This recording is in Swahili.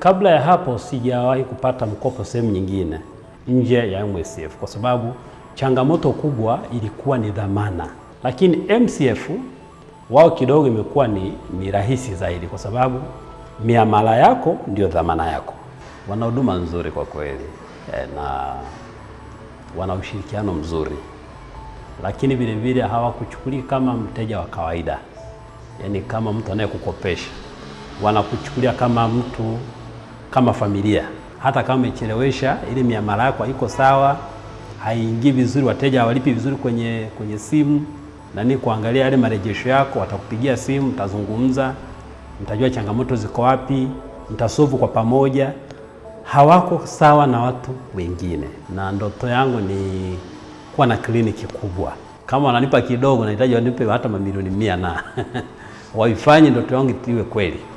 Kabla ya hapo sijawahi kupata mkopo sehemu nyingine nje ya MSF kwa sababu changamoto kubwa ilikuwa ni dhamana, lakini MCF wao kidogo imekuwa ni, ni rahisi zaidi kwa sababu miamala yako ndio dhamana yako. Wana huduma nzuri kwa kweli eh, na wana ushirikiano mzuri, lakini vilevile hawakuchukuli kama mteja wa kawaida, yaani kama mtu anayekukopesha, wanakuchukulia kama mtu kama familia, hata kama umechelewesha ile miamala yako haiko sawa, haingii vizuri, wateja hawalipi vizuri kwenye, kwenye simu nani kuangalia yale marejesho yako, watakupigia simu, mtazungumza, mtajua changamoto ziko wapi, mtasovu kwa pamoja. Hawako sawa na watu wengine, na ndoto yangu ni kuwa na kliniki kubwa. Kama wananipa kidogo, nahitaji wanipe hata mamilioni mia na waifanye ndoto yangu iwe kweli.